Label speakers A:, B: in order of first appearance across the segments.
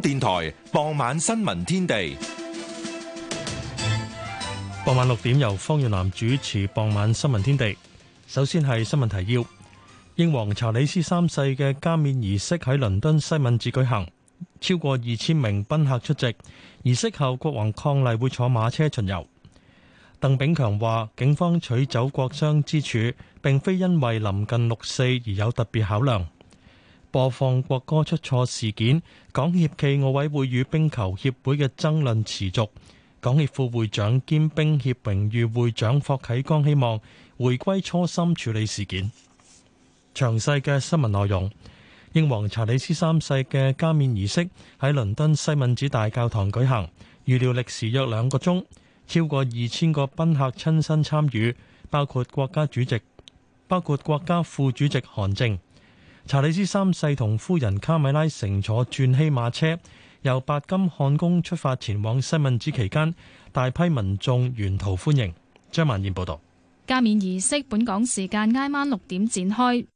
A: 電台傍晚新聞天地，傍晚六點由方月南主持。傍晚新聞天地，首先係新聞提要：英皇查理斯三世嘅加冕儀式喺倫敦西敏寺舉行，超過二千名賓客出席。儀式後，國王伉儷會坐馬車巡遊。鄧炳強話，警方取走國殤之柱，並非因為臨近六四而有特別考量。播放國歌出錯事件，港協暨奧委會與冰球協會嘅爭論持續。港協副會長兼冰協榮譽會長霍啟剛希望回歸初心處理事件。詳細嘅新聞內容，英皇查理斯三世嘅加冕儀式喺倫敦西敏寺大教堂舉行，預料歷時約兩個鐘，超過二千個賓客親身參與，包括國家主席，包括國家副主席韓正。查理斯三世同夫人卡米拉乘坐鑽禧馬車，由白金漢宮出發前往西敏寺期間，大批民眾沿途歡迎。張曼燕報導。
B: 加冕儀式本港時間挨晚六點展開。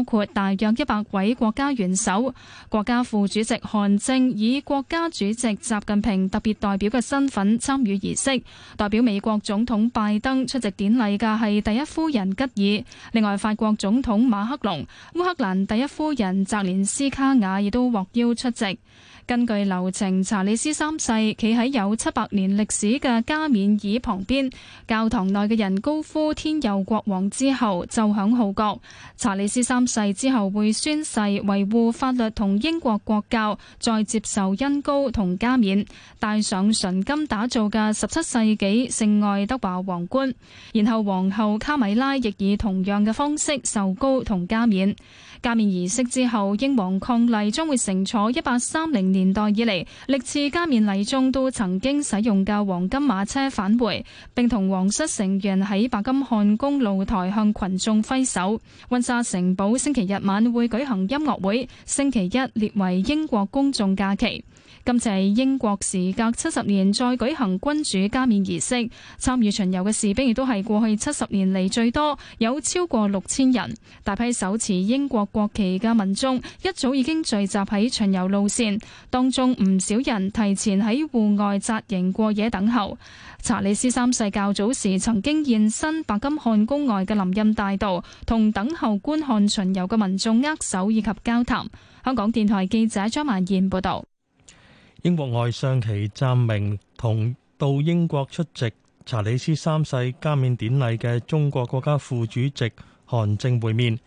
B: 包括大約一百位國家元首，國家副主席韓正以國家主席習近平特別代表嘅身份參與儀式，代表美國總統拜登出席典禮嘅係第一夫人吉爾，另外法國總統馬克龍、烏克蘭第一夫人澤連斯卡婭亦都獲邀出席。根據流程，查理斯三世企喺有七百年歷史嘅加冕椅旁邊，教堂內嘅人高呼“天佑國王”之後奏響號角。查理斯三世之後會宣誓維護法律同英國國教，再接受恩膏同加冕，戴上純金打造嘅十七世紀聖愛德華皇冠。然後皇后卡米拉亦以同樣嘅方式受膏同加冕。加冕儀式之後，英皇伉儷將會乘坐一八三零年年代以嚟，歷次加冕禮中都曾經使用嘅黃金馬車返回，並同皇室成員喺白金漢宮露台向群眾揮手。溫莎城堡星期日晚會舉行音樂會，星期一列為英國公眾假期。今次係英國時隔七十年再舉行君主加冕儀式，參與巡遊嘅士兵亦都係過去七十年嚟最多，有超過六千人。大批手持英國國旗嘅民眾一早已經聚集喺巡遊路線，當中唔少人提前喺戶外紮營過夜等候。查理斯三世較早時曾經現身白金漢宮外嘅林蔭大道，同等候觀看巡遊嘅民眾握手以及交談。香港電台記者張曼燕報道。
A: 英國外相祁湛明同到英國出席查理斯三世加冕典禮嘅中國國家副主席韓正會面。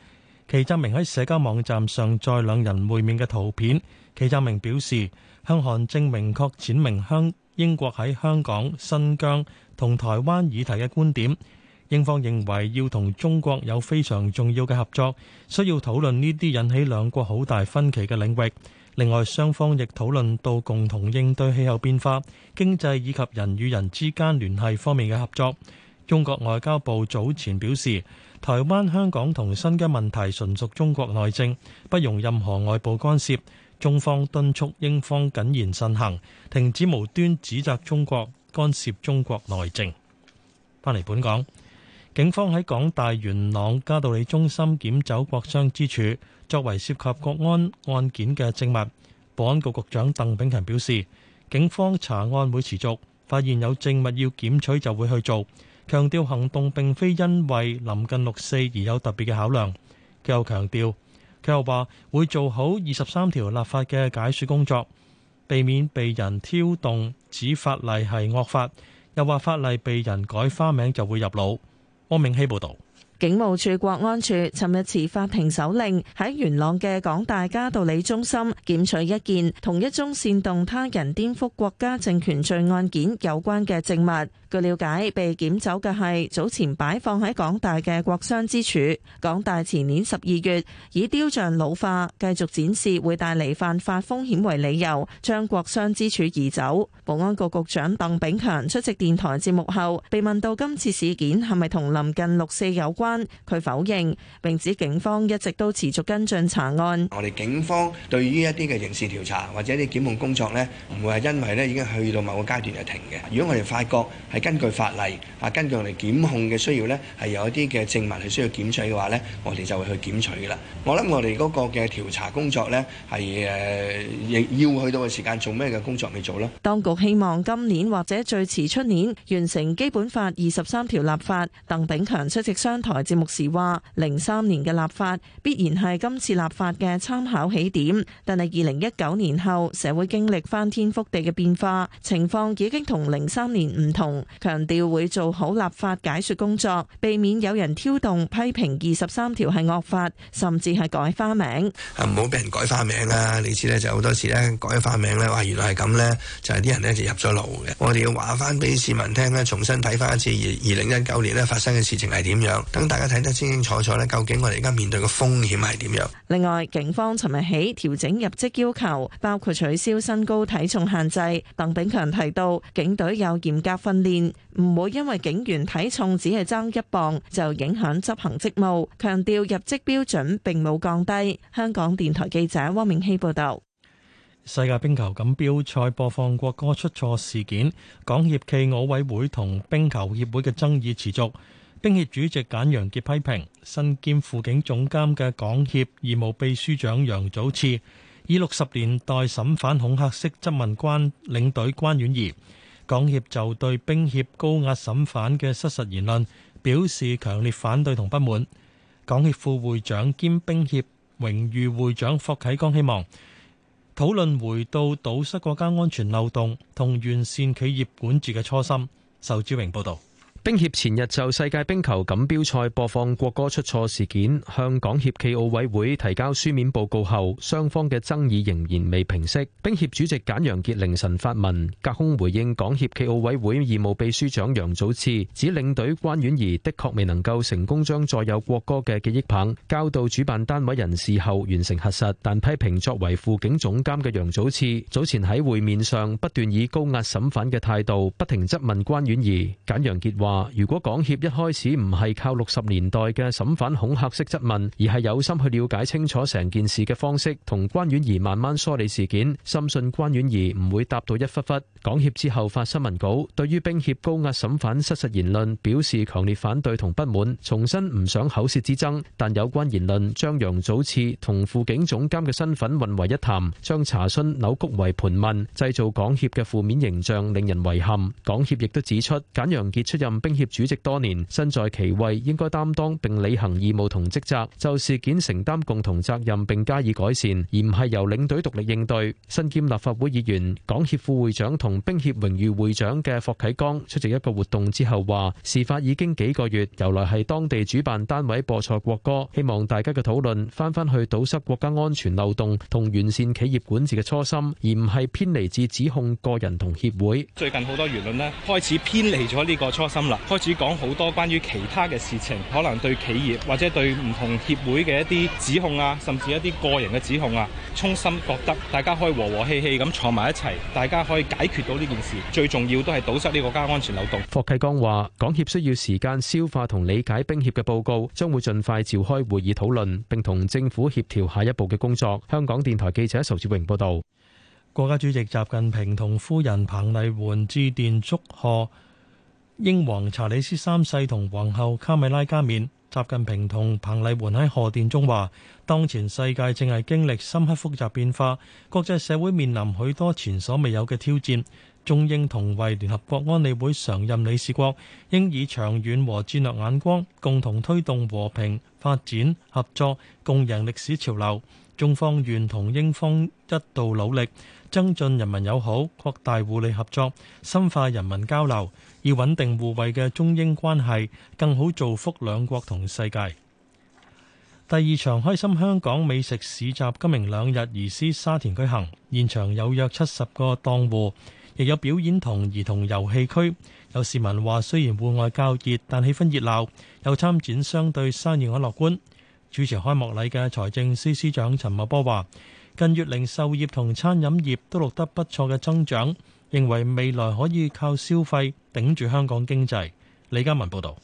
A: 祁湛明喺社交網站上載兩人會面嘅圖片。祁湛明表示，向韓正明確展明香英國喺香港、新疆同台灣議題嘅觀點。英方認為要同中國有非常重要嘅合作，需要討論呢啲引起兩國好大分歧嘅領域。另外，雙方亦討論到共同應對氣候變化、經濟以及人與人之間聯繫方面嘅合作。中國外交部早前表示，台灣、香港同新疆問題純屬中國內政，不容任何外部干涉。中方敦促英方謹言慎行，停止無端指責中國干涉中國內政。翻嚟本港，警方喺港大元朗嘉道理中心檢走國殤之柱。作為涉及國安案件嘅證物，保安局局長鄧炳強表示，警方查案會持續，發現有證物要檢取就會去做。強調行動並非因為臨近六四而有特別嘅考量。佢又強調，佢又話會做好二十三條立法嘅解說工作，避免被人挑動指法例係惡法。又話法例被人改花名就會入腦。汪明熙報導。
C: 警務處國安處尋日持法庭手令，喺元朗嘅港大家道理中心檢取一件同一宗煽動他人顛覆國家政權罪案件有關嘅證物。據了解，被檢走嘅係早前擺放喺港大嘅國殤之柱。港大前年十二月以雕像老化、繼續展示會帶嚟犯法風險為理由，將國殤之柱移走。保安局局長鄧炳強出席電台節目後，被問到今次事件係咪同臨近六四有關，佢否認，並指警方一直都持續跟進查案。我哋警方對於一啲嘅刑事調查或者一啲檢控工作呢，唔會係因為呢已經去到某個階段就停嘅。如果我哋發覺係根據法例啊，根據我哋檢控嘅需要呢，係有一啲嘅證物係需要檢取嘅話呢，我哋就會去檢取嘅啦。我諗我哋嗰個嘅調查工作呢，係亦要去到嘅時間做咩嘅工作未做啦？當局希望今年或者最遲出年完成基本法二十三條立法。鄧炳強出席商台節目時話：零三年嘅立法必然係今次立法嘅參考起點，但係二零一九年後社會經歷翻天覆地嘅變化，情況已經同零三年唔同。強調會做好立法解說工作，避免有人挑動批評二十三條係惡法，甚至係改花名。唔好俾人改花名啦！你知咧，就好多時咧改花名咧，話，原來係咁咧，就係、是、啲人咧就入咗牢嘅。我哋要話翻俾市民聽咧，重新睇翻一次二零一九年咧發生嘅事情係點樣，等大家睇得清清楚楚咧，究竟我哋而家面對嘅風險係點樣。另外，警方尋日起調整入職要求，包括取消身高體重限制。鄧炳強提到，警隊有嚴格訓練。唔會因為警員體重只係爭一磅就影響執行職務，強調入職標準並冇降低。香港電台記者汪明希報道。
A: 世界冰球錦標賽播放國歌出錯事件，港協暨奧委會同冰球協會嘅爭議持續。冰協主席簡陽杰批評，身兼輔警總監嘅港協義務秘書長楊祖熾，以六十年代審犯恐嚇式質問關領隊關婉儀。港協就對冰協高壓審判嘅失實言論表示強烈反對同不滿。港協副會長兼冰協榮譽會長霍啟剛希望討論回到堵塞國家安全漏洞同完善企業管治嘅初心。仇志榮報導。
D: 冰協前日就世界冰球錦標賽播放國歌出錯事件，向港協暨奧委會提交書面報告後，雙方嘅爭議仍然未平息。冰協主席簡陽杰凌晨發文隔空回應港協暨奧委會義務秘書長楊祖熾，指領隊關婉儀的確未能夠成功將載有國歌嘅記憶棒交到主辦單位人士後完成核實，但批評作為輔警總監嘅楊祖熾早前喺會面上不斷以高壓審犯嘅態度，不停質問關婉儀。簡陽杰話。如果港協一開始唔係靠六十年代嘅審犯恐嚇式質問，而係有心去了解清楚成件事嘅方式，同關婉儀慢慢梳理事件，深信關婉儀唔會答到一忽忽。港協之後發新聞稿，對於兵協高壓審犯失實言論表示強烈反對同不滿，重申唔想口舌之爭，但有關言論將楊祖熾同輔警總監嘅身份混為一談，將查詢扭曲為盤問，製造港協嘅負面形象，令人遺憾。港協亦都指出簡陽杰出任，冰協主席多年身在其位，應該擔當並履行義務同職責，就事件承擔共同責任並加以改善，而唔係由領隊獨立應對。身兼立法會議員、港協副會長同冰協榮譽會長嘅霍啟剛出席一個活動之後話：事發已經幾個月，由來係當地主辦單位播錯國歌。希望大家嘅討論返返去堵塞國家安全漏洞同完善企業管治嘅初心，而唔係偏離至指控個人同協會。
E: 最近好多輿論呢開始偏離咗呢個初心。開始講好多關於其他嘅事情，可能對企業或者對唔同協會嘅一啲指控啊，甚至一啲個人嘅指控啊，衷心覺得大家可以和和氣氣咁坐埋一齊，大家可以解決到呢件事。最重要都係堵塞呢個國家安全漏洞。
D: 霍啟剛話：港協需要時間消化同理解冰協嘅報告，將會盡快召開會議討論，並同政府協調下一步嘅工作。香港電台記者仇志榮報導。
A: 國家主席習近平同夫人彭麗媛致電祝賀。英皇查理斯三世同皇后卡米拉加冕，習近平同彭麗媛喺賀電中話：當前世界正係經歷深刻複雜變化，國際社會面臨許多前所未有嘅挑戰。中英同為聯合國安理會常任理事國，應以長遠和戰略眼光，共同推動和平、發展、合作、共贏歷史潮流。中方願同英方一道努力，增進人民友好，擴大互利合作，深化人民交流。以穩定互惠嘅中英關係，更好造福兩國同世界。第二場開心香港美食市集今明兩日移師沙田舉行，現場有約七十個檔戶，亦有表演同兒童遊戲區。有市民話：雖然戶外較熱，但氣氛熱鬧。有參展商對生意感樂觀。主持開幕禮嘅財政司司長陳茂波話：近月零售業同餐飲業都錄得不錯嘅增長。認為未來可以靠消費頂住香港經濟。李嘉文報道：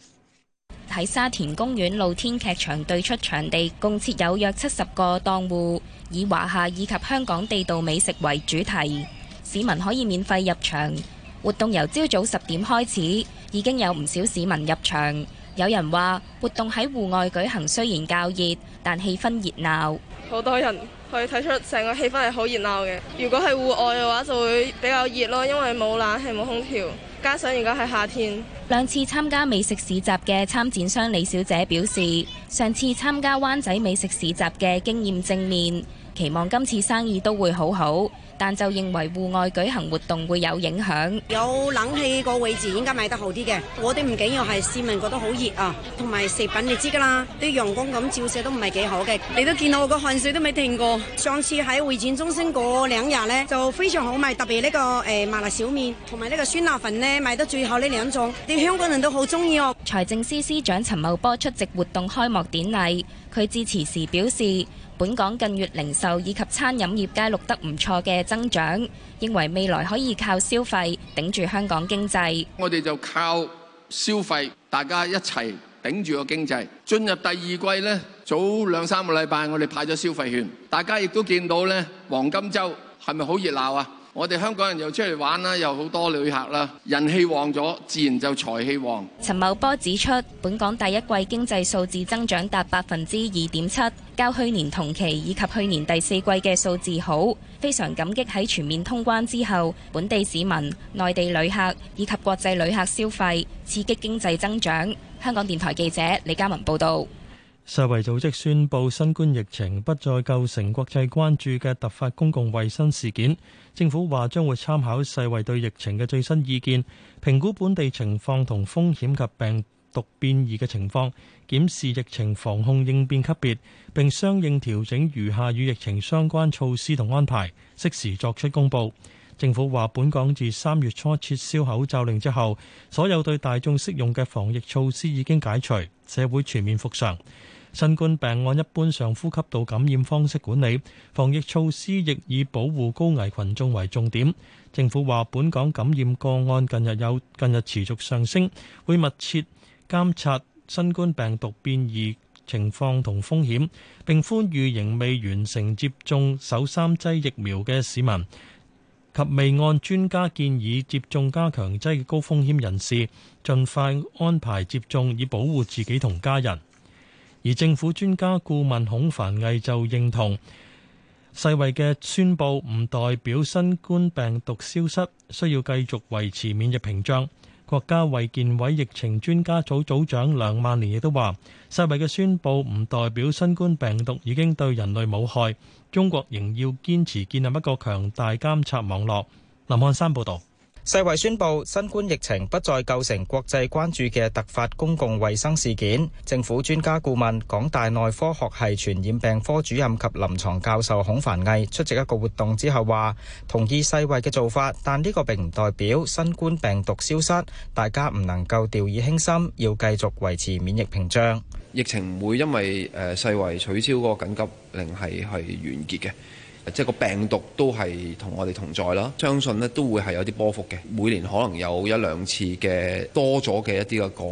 F: 喺沙田公園露天劇場對出場地共設有約七十個檔戶，以華夏以及香港地道美食為主題，市民可以免費入場。活動由朝早十點開始，已經有唔少市民入場。有人話活動喺戶外舉行，雖然較熱，但氣氛熱鬧。
B: 好多人。可以
C: 睇出成個氣氛係好熱鬧嘅。如果係戶外嘅話，就會比較熱咯，因為冇冷氣冇空調，加上而家係夏天。
F: 兩次參加美食市集嘅參展商李小姐表示，上次參加灣仔美食市集嘅經驗正面。期望今次生意都會好好，但就認為戶外舉行活動會有影響，
C: 有冷氣個位置應該賣得好啲嘅。我哋唔緊要係市民覺得好熱啊，同埋食品你知噶啦，啲陽光咁照射都唔係幾好嘅。你都見到我個汗水都未停過，上次喺會展中心嗰兩日咧，就非常好賣，特別呢個誒麻辣小麵同埋呢個酸辣粉咧賣得最好呢兩種，啲香港人都好中意哦。
F: 財政司司長陳茂波出席活動開幕典禮，佢致辭時表示，本港近月零售以及餐飲業皆錄得唔錯嘅增長，認為未來可以靠消費頂住香港經濟。我
A: 哋就靠消費，大家一齊頂住個經濟。進入第二季咧，早兩三個禮拜我哋派咗消費券，大家亦都見到咧，黃金周係咪好熱鬧啊？我哋香港人又出去玩啦，又好多旅客啦，人氣旺咗，自然就財氣旺。
F: 陳茂波指出，本港第一季經濟數字增長達百分之二點七，較去年同期以及去年第四季嘅數字好，非常感激喺全面通關之後本地市民、內地旅客以及國際旅客消費刺激經濟增長。香港電台記者李嘉文報道。
A: 世衛組織宣布，新冠疫情不再構成國際關注嘅突發公共衛生事件。政府話將會參考世衛對疫情嘅最新意見，評估本地情況同風險及病毒變異嘅情況，檢視疫情防控應變級別，並相應調整餘下與疫情相關措施同安排，適時作出公布。政府話，本港自三月初撤銷口罩令之後，所有對大眾適用嘅防疫措施已經解除，社會全面復常。新冠病案，一般上呼吸道感染方式管理，防疫措施亦以保護高危群眾為重點。政府話，本港感染個案近日有近日持續上升，會密切監察新冠病毒變異情況同風險，並呼籲仍未完成接種首三劑疫苗嘅市民及未按專家建議接種加強劑嘅高風險人士，儘快安排接種，以保護自己同家人。而政府專家顧問孔凡毅就認同世衛嘅宣布唔代表新冠病毒消失，需要繼續維持免疫屏障。國家衛健委疫情專家組組長梁萬年亦都話世衛嘅宣布唔代表新冠病毒已經對人類冇害，中國仍要堅持建立一個強大監察網絡，林漢山報道。
E: 世衛宣布，新冠疫情不再構成國際關注嘅突發公共衛生事件。政府專家顧問、港大內科學系傳染病科主任及臨床教授孔繁毅出席一個活動之後話，同意世衛嘅做法，但呢個並唔代表新冠病毒消失，大家唔能夠掉以輕心，要繼續維持免疫屏障。
G: 疫情唔會因為誒世衛取消個緊急令係係完結嘅。即係個病毒都係同我哋同在啦，相信咧都會係有啲波幅嘅。每年可能有一兩次嘅多咗嘅一啲嘅個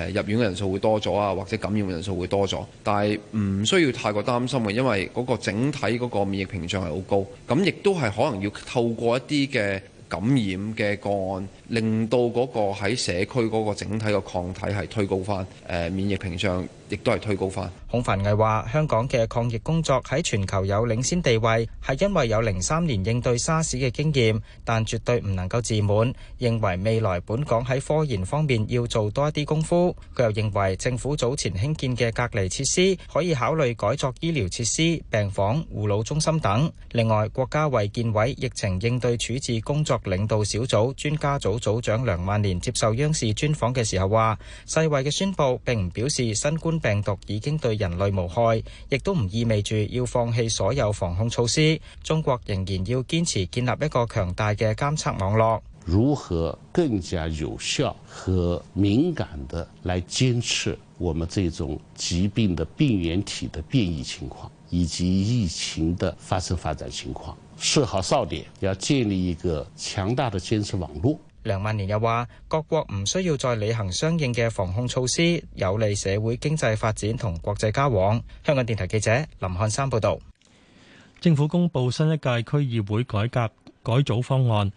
G: 案，誒入院嘅人數會多咗啊，或者感染嘅人數會多咗。但係唔需要太過擔心嘅，因為嗰個整體嗰個免疫屏障係好高。咁亦都係可能要透過一啲嘅感染嘅個案，令到嗰個喺社區嗰個整體嘅抗體係推高翻誒免疫屏障。亦都係推高翻。
E: 孔繁毅話：香港嘅抗疫工作喺全球有領先地位，係因為有零三年應對沙士嘅經驗，但絕對唔能夠自滿。認為未來本港喺科研方面要做多一啲功夫。佢又認為政府早前興建嘅隔離設施可以考慮改作醫療設施、病房、護老中心等。另外，國家衛健委疫情應對處置工作領導小組專家組組長梁萬年接受央視專訪嘅時候話：世衛嘅宣布並唔表示新冠病毒已經對人類無害，亦都唔意味住要放棄所有防控措施。中國仍然要堅持建立一個強大嘅監測網絡。
A: 如何更加有效和敏感地來監測我們這種疾病的病原體的變異情況，以及疫情的發生發展情況。設好哨點要建立一個強大的監測網絡。
E: 梁萬年又話：各國唔需要再履行相應嘅防控措施，有利社會經濟發展同國際交往。香港電台記者林漢山報道。政
A: 府公布新一屆區議會改革改組方案，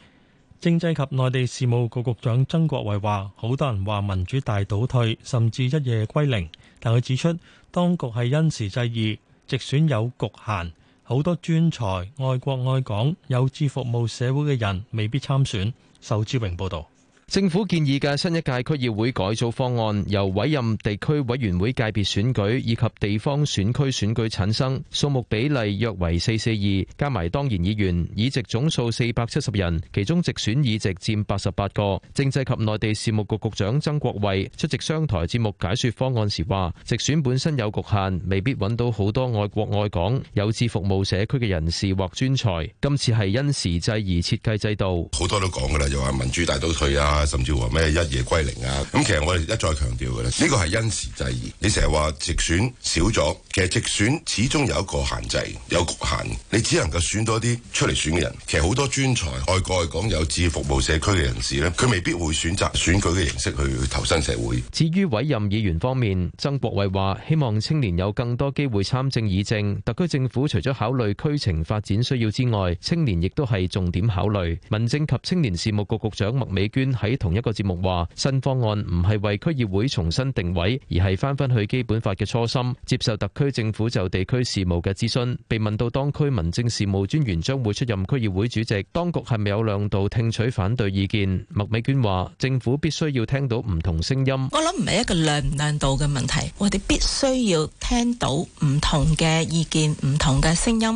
A: 政制及內地事務局局長曾國衛話：好多人話民主大倒退，甚至一夜歸零，但佢指出當局係因時制宜，直選有局限，好多專才、愛國愛港、有志服務社會嘅人未必參選。仇志榮
D: 報道。政府建議嘅新一屆區議會改造方案，由委任地區委員會界別選舉以及地方選區選舉產生，數目比例約為四四二，加埋當然議員，議席總數四百七十人，其中直選議席佔八十八個。政制及內地事務局局局長曾國衛出席商台節目解說方案時話：直選本身有局限，未必揾到好多愛國愛港、有志服務社區嘅人士或專才。今次係因時制而設計制度，好
A: 多都講噶啦，又話民主大倒退啊！甚至話咩一夜歸零啊！咁其實我哋一再強調嘅咧，呢個係因時制宜。你成日話直選少咗，其實直選始終有一個限制，有局限。你只能夠選多啲出嚟選嘅人。其實好多專才，愛國愛港有志服務社區嘅人士呢，佢未必會選擇選舉嘅形式去投身社會。
D: 至於委任議員方面，曾國衞話：希望青年有更多機會參政議政。特區政府除咗考慮區情發展需要之外，青年亦都係重點考慮。民政及青年事務局局長麥美娟喺喺同一個節目話，新方案唔係為區議會重新定位，而係翻返去基本法嘅初心，接受特區政府就地區事務嘅諮詢。被問到當區民政事務專員將會出任區議會主席，當局係咪有量度聽取反對意見？麥美娟話：政府必須要聽到唔同聲音。
H: 我諗唔係一個量唔量度嘅問題，我哋必須要聽到唔同嘅意見、唔同嘅聲音，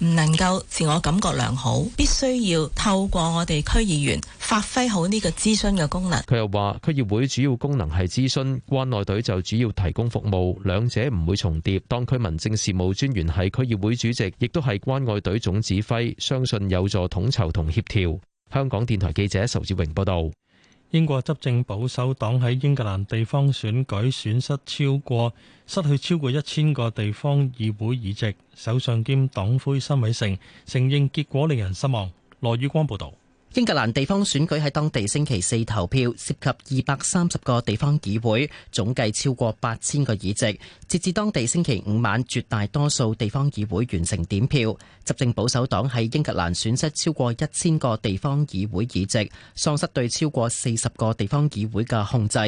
H: 唔能夠自我感覺良好，必須要透過我哋區議員發揮好
E: 呢個資。諮詢嘅功能，
D: 佢又話區議會主要功能係諮詢，關愛隊就主要提供服務，兩者唔會重疊。當區民政事務專員係區議會主席，亦都係關愛隊總指揮，相信有助統籌同協調。香港電台記者仇志榮報道。
A: 英國執政保守黨喺英格蘭地方選舉損失超過失去超過一千個地方議會議席，首相兼黨魁辛偉誠承認結果令人失望。羅宇光報道。
G: 英格蘭地方選舉喺當地星期四投票，涉及二百三十個地方議會，總計超過八千個議席。截至當地星期五晚，絕大多數地方議會完成點票。執政保守黨喺英格蘭損失超過一千個地方議會議席，喪失對超過四十個地方議會嘅控制。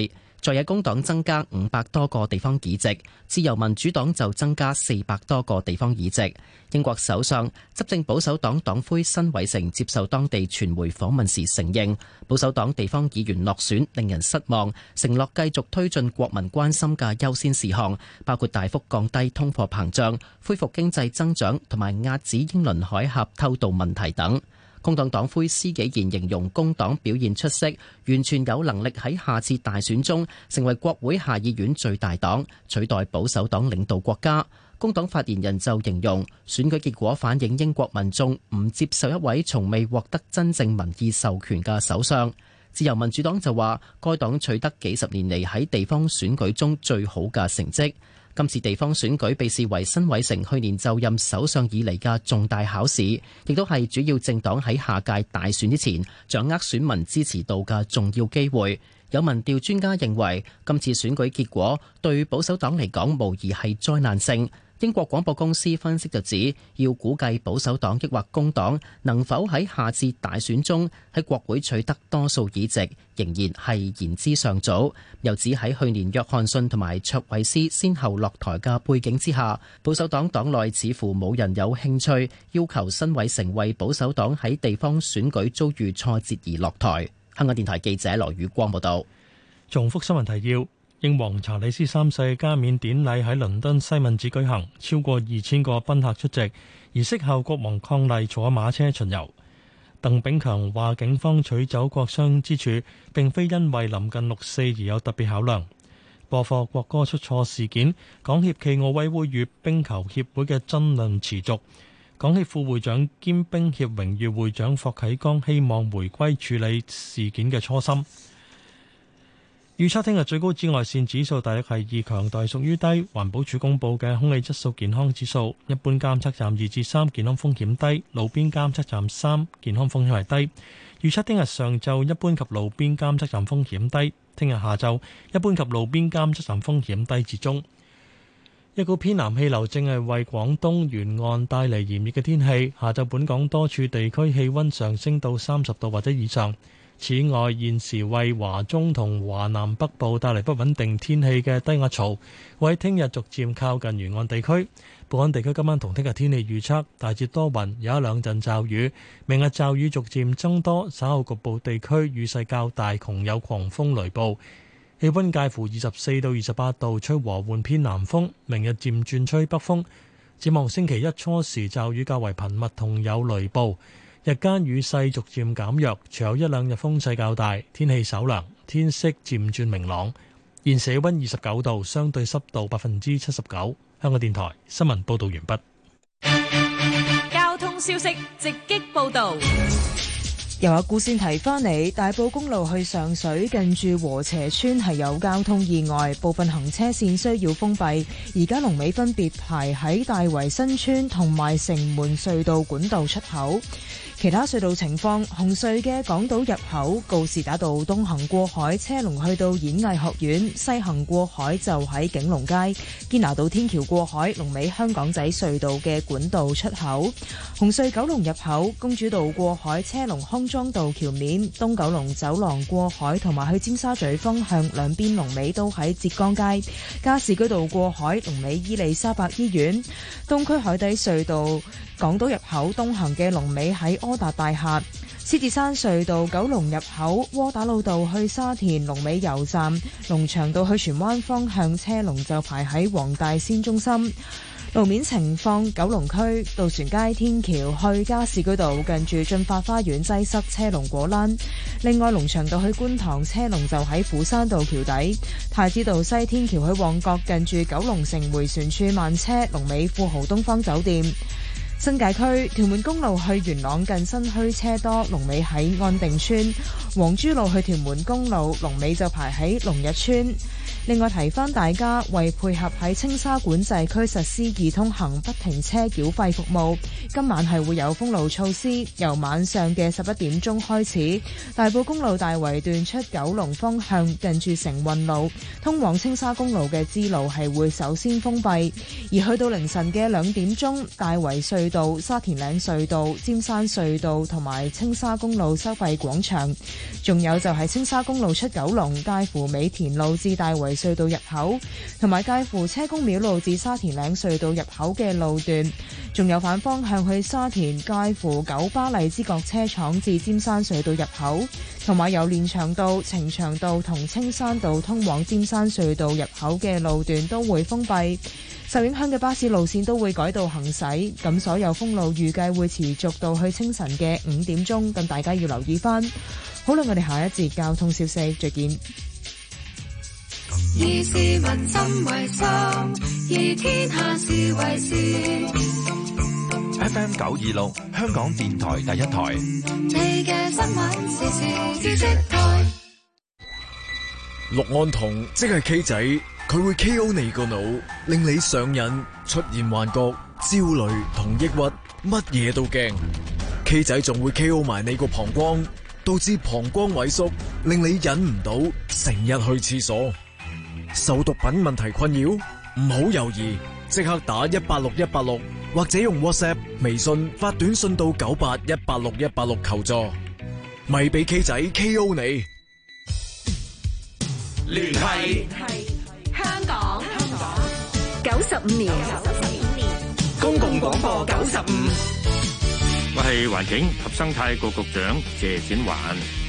G: 再野工黨增加500多個地方議席，自由民主黨就增加400多個地方議席。英國首相，執政保守黨黨魁辛偉誠接受當地傳媒訪問時承認，保守黨地方議員落選令人失望，承諾繼續推進國民關心嘅優先事項，包括大幅降低通貨膨脹，恢復經濟增長，同埋壓止英倫海峽偷渡問題等。工黨黨魁施紀賢形容工黨表現出色，完全有能力喺下次大選中，成為國會下議院最大黨，取代保守黨領導國家。工黨發言人就形容，選舉結果反映英國民眾唔接受一位從未獲得真正民意授權嘅首相。自由民主黨就話，該黨取得幾十年嚟喺地方選舉中最好嘅成績。今次地方選舉被視為辛偉誠去年就任首相以嚟嘅重大考試，亦都係主要政黨喺下屆大選之前掌握選民支持度嘅重要機會。有民調專家認為，今次選舉結果對保守黨嚟講無疑係災難性。英國廣播公司分析就指，要估計保守黨抑或工黨能否喺下次大選中喺國會取得多數議席，仍然係言之尚早。又指喺去年約翰遜同埋卓慧思先後落台嘅背景之下，保守黨黨內似乎冇人有興趣要求辛偉誠為保守黨喺地方選舉遭遇挫折而落台。香港電台記者羅宇光報道。
A: 重複新聞提要。英皇查理斯三世加冕典禮喺倫敦西敏寺舉行，超過二千個賓客出席。儀式後，國王伉儷坐馬車巡遊。鄧炳強話，警方取走國殤之柱，並非因為臨近六四而有特別考量。播放國歌出錯事件，港協暨奧委會與冰球協會嘅爭論持續。港協副會長兼冰協榮譽會長霍啟剛希望回歸處理事件嘅初心。預測聽日最高紫外線指數大約係二，強度屬於低。環保署公布嘅空氣質素健康指數，一般監測站二至三，健康風險低；路邊監測站三，健康風險為低。預測聽日上晝一般及路邊監測站風險低，聽日下晝一般及路邊監測站風險低至中。一股偏南氣流正係為廣東沿岸帶嚟炎熱嘅天氣，下晝本港多處地區氣溫上升到三十度或者以上。此外，現時為華中同華南北部帶嚟不穩定天氣嘅低壓槽，會喺聽日逐漸靠近沿岸地區，本港地區今晚同聽日天氣預測大致多雲，有一兩陣驟雨。明日驟雨逐漸增多，稍後局部地區雨勢較大，兼有狂風雷暴。氣溫介乎二十四到二十八度，吹和緩偏南風，明日漸轉吹北風，展望星期一初時驟雨較為頻密，同有雷暴。日間雨勢逐漸減弱，除有一兩日風勢較大，天氣稍涼，天色漸轉明朗。現時溫二十九度，相對濕度百分之七十九。香港電台新聞報道完畢。
B: 交通消息直擊報道。
H: 由阿故先提返嚟，大埔公路去上水近住和斜村係有交通意外，部分行車線需要封閉。而家龍尾分別排喺大圍新村同埋城門隧道管道出口。其他隧道情況，紅隧嘅港島入口告士打道東行過海車龍去到演藝學院，西行過海就喺景隆街堅拿道天橋過海龍尾、香港仔隧道嘅管道出口。紅隧九龍入口公主道過海車龍、康莊道橋面東九龍走廊過海同埋去尖沙咀方向，兩邊龍尾都喺浙江街、加士居道過海龍尾伊利沙伯醫院、東區海底隧道港島入口東行嘅龍尾喺柯達大廈、獅子山隧道九龍入口、窩打老道去沙田龍尾油站、龍翔道去荃灣方向車龍就排喺黃大仙中心路面情況，九龍區渡船街天橋去加士居道近住駿發花園擠塞車龍果欄，另外龍翔道去觀塘車龍就喺斧山道橋底，太子道西天橋去旺角近住九龍城回旋處慢車龍尾富豪東方酒店。新界區屯門公路去元朗近新墟車多，龍尾喺安定村；黃珠路去屯門公路，龍尾就排喺龍日村。另外提翻大家，為配合喺青沙管制區實施易通行不停車繳費服務，今晚係會有封路措施，由晚上嘅十一點鐘開始，大埔公路大圍段出九龍方向近住成運路通往青沙公路嘅支路係會首先封閉，而去到凌晨嘅兩點鐘，大圍隧道、沙田嶺隧道、尖山隧道同埋青沙公路收費廣場，仲有就係青沙公路出九龍介乎美田路至大圍隧道入口同埋介乎車公廟路至沙田嶺隧道入口嘅路段，仲有反方向去沙田介乎九巴荔枝角車廠至尖山隧道入口，同埋有連翔道、呈祥道同青山道通往尖山隧道入口嘅路段都會封閉。受影響嘅巴士路線都會改道行駛。咁所有封路預計會持續到去清晨嘅五點鐘。咁大家要留意返。好啦，我哋下一節交通消息，再見。
B: 以市民
A: 心為心，以天下事為事。
D: FM 926，香港電台第一台。你
B: 嘅新聞時時見識睇。
D: 氯胺酮即係 K 仔，佢會 KO 你個腦，令你上癮，出現幻覺，焦慮同抑鬱，乜嘢都驚。K 仔仲會 KO 埋你個膀胱，導致膀胱萎縮，令你忍唔到，成日去廁所。受毒品問題困擾，唔好猶豫，即刻打一八六一八六，6, 或者用 WhatsApp、微信發短信到九八一八六一八六求助，咪俾 K 仔 KO 你。聯繫，
C: 聯繫香港
F: 九十五年，
C: 年，
A: 年公共廣播九十五，我係環境及生態局局長謝展環。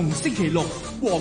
H: 逢星期六。